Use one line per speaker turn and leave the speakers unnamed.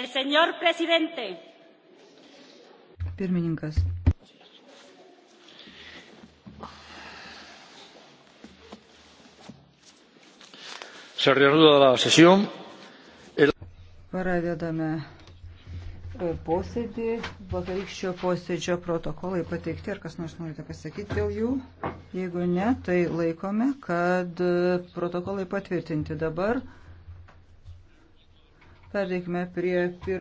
El señor presidente.
Pirmininkas.
Se reanuda la sesión. El...
Pradedame e, posėdį. Vakarykščio posėdžio protokolai pateikti. Ar kas nors norite pasakyti dėl jų? Jeigu ne, tai laikome, kad
e, protokolai patvirtinti dabar. Pereikime prie pirmojo.